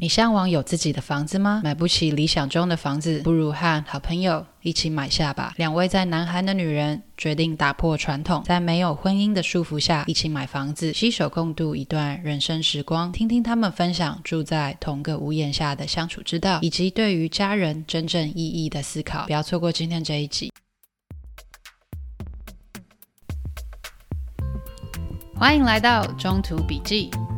你嚮往有自己的房子嗎？買不起理想中的房子，不如和好朋友一起買下吧。兩位在南韓的女人決定打破傳統，在沒有婚姻的束縛下一起買房子，攜手共度一段人生時光。聽聽他們分享住在同個屋檐下的相處之道，以及對於家人真正意義的思考。不要錯過今天這一集，歡迎來到中途筆記。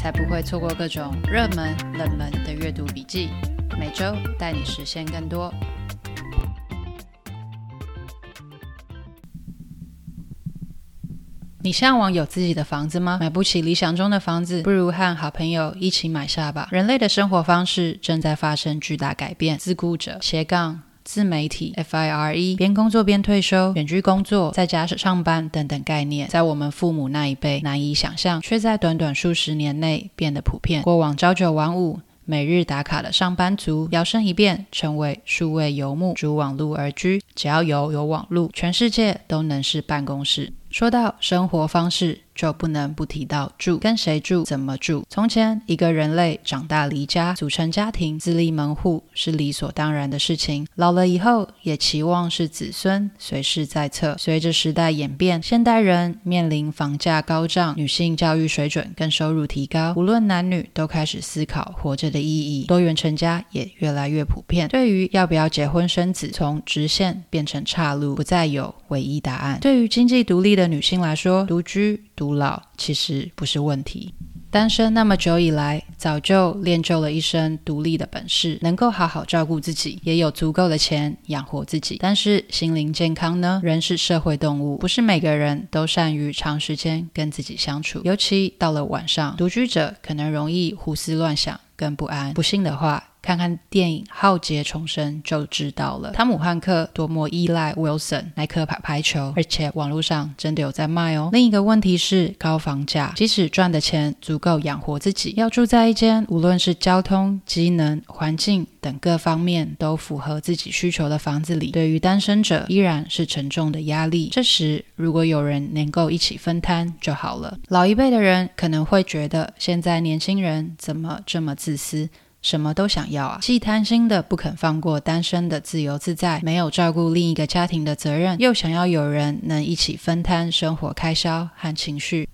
才不會錯過各種熱門、冷門的閱讀筆記，每周帶你實現更多。你嚮往有自己的房子嗎？買不起理想中的房子，不如和好朋友一起買下吧。人類的生活方式正在發生巨大改變，自僱者斜槓。自媒體、FIRE，邊工作邊退休，遠居工作，在家上班等等概念，在我們父母那一輩難以想象，卻在短短數十年內變得普遍。過往朝九晚五、每日打卡的上班族，搖身一變成為數位游牧，逐網路而居，只要有有網路，全世界都能是辦公室。說到生活方式，就不能不提到住，跟誰住，怎麼住。從前，一個人類長大離家，組成家庭，自立門戶，是理所當然的事情。老了以後，也期望是子孫隨侍在側。隨着時代演變，現代人面臨房價高漲、女性教育水準跟收入提高，無論男女都開始思考活着的意義。多元成家也越來越普遍。對於要不要結婚生子，從直線變成岔路，不再有唯一答案。對於經濟獨立的。的女性來說，獨居獨老其實不是問題。單身那麼久以來，早就練就了一身獨立的本事，能夠好好照顧自己，也有足夠的錢養活自己。但是心靈健康呢？人是社會動物，不是每個人都善於長時間跟自己相處，尤其到了晚上，獨居者可能容易胡思亂想，更不安。不信的話。看看電影《浩劫重生》就知道了，湯姆漢克多麼依賴 Wilson 那顆排球，而且網絡上真的有在賣哦。另一個問題是高房價，即使賺的錢足夠養活自己，要住在一間無論是交通、機能、環境等各方面都符合自己需求的房子裡，對於單身者依然是沉重的壓力。這時，如果有人能夠一起分攤就好了。老一輩的人可能會覺得，現在年輕人怎麼這麼自私？什麼都想要啊！既貪心的不肯放過單身的自由自在，沒有照顧另一個家庭的責任，又想要有人能一起分攤生活開銷和情緒，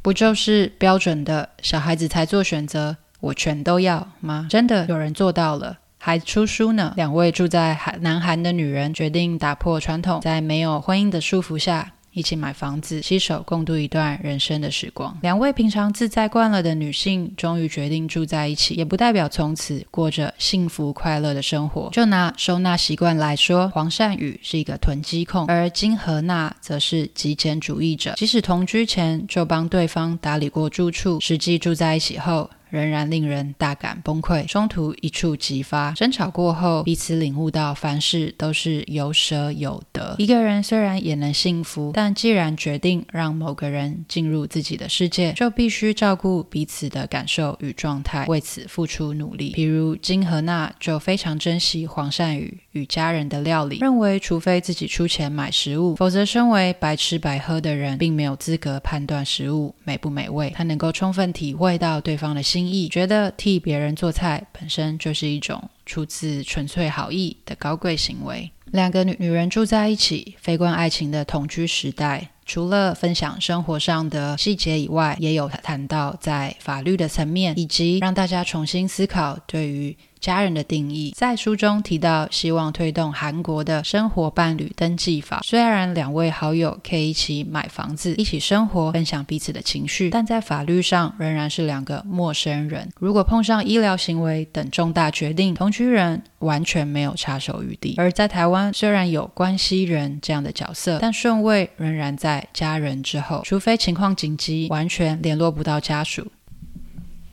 不就是標準的小孩子才做選擇，我全都要嗎？真的有人做到了，還出書呢！兩位住在韓南韓的女人決定打破傳統，在沒有婚姻的束縛下。一起買房子，攜手共度一段人生的時光。兩位平常自在慣了的女性，終於決定住在一起，也不代表從此過着幸福快樂的生活。就拿收納習慣來說，黃善宇是一個囤積控，而金荷娜則是極簡主義者。即使同居前就幫對方打理過住處，實際住在一起後。仍然令人大感崩潰，衝突一觸即發。爭吵過後，彼此領悟到凡事都是有舍有得。一個人雖然也能幸福，但既然決定讓某個人進入自己的世界，就必須照顧彼此的感受與狀態，為此付出努力。比如金荷娜就非常珍惜黃善宇與家人的料理，認為除非自己出錢買食物，否則身為白吃白喝的人，並沒有資格判斷食物美不美味。他能夠充分體會到對方的心。覺得替別人做菜本身就是一種出自純粹好意的高貴行為。兩個女女人住在一起，非關愛情的同居時代，除了分享生活上的細節以外，也有談到在法律的層面，以及讓大家重新思考對於家人的定義，在書中提到，希望推動韓國的生活伴侶登記法。雖然兩位好友可以一起買房子，一起生活、分享彼此的情緒，但在法律上仍然是兩個陌生人。如果碰上醫療行為等重大決定，同居人完全沒有插手餘地。而在台灣，雖然有關係人這樣的角色，但順位仍然在家人之後，除非情況緊急，完全聯絡不到家屬。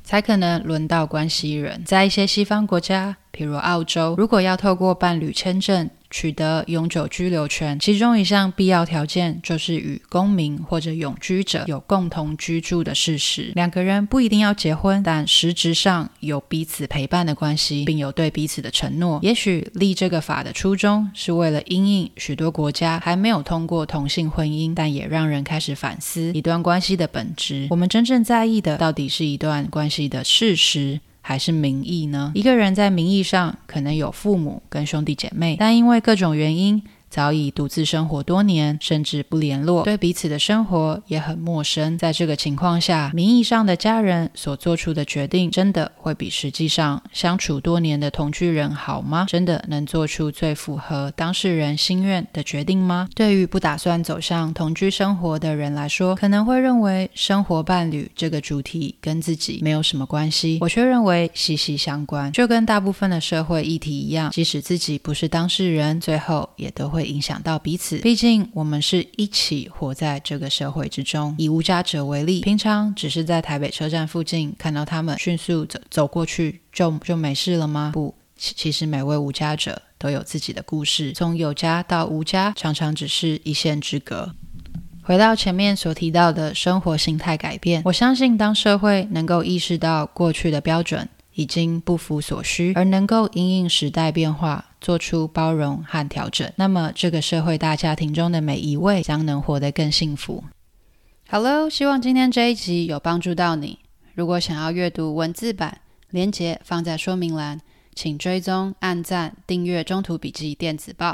才可能輪到關係人。在一些西方國家，譬如澳洲，如果要透過伴侶簽證，取得永久居留權，其中一項必要條件就是與公民或者永居者有共同居住的事實。兩個人不一定要結婚，但實質上有彼此陪伴的關係，並有對彼此的承諾。也許立這個法的初衷是為了因應許多國家還沒有通過同性婚姻，但也讓人開始反思一段關係的本質。我們真正在意的，到底是一段關係的事實？還是名義呢？一個人在名義上可能有父母跟兄弟姐妹，但因為各種原因，早已獨自生活多年，甚至不聯絡，對彼此的生活也很陌生。在這個情況下，名義上的家人所做出的決定，真的會比實際上相處多年的同居人好嗎？真的能做出最符合當事人心願的決定嗎？對於不打算走向同居生活的人來說，可能會認為生活伴侶這個主題跟自己沒有什麼關係。我卻認為息息相關，就跟大部分的社會議題一樣，即使自己不是當事人，最後也都會。影響到彼此，畢竟我們是一起活在這個社會之中。以無家者為例，平常只是在台北車站附近看到他們，迅速走走過去就就沒事了嗎？不，其，其實每位無家者都有自己的故事，從有家到無家，常常只是一線之隔。回到前面所提到的生活形態改變，我相信當社會能夠意識到過去的標準。已經不符所需，而能夠因應時代變化，做出包容和調整，那麼這個社會大家庭中的每一位，將能活得更幸福。Hello，希望今天這一集有幫助到你。如果想要閱讀文字版，連結放在說明欄，請追蹤、按讚、訂閱《中途筆記電子報》，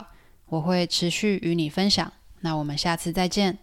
我會持續與你分享。那我們下次再見。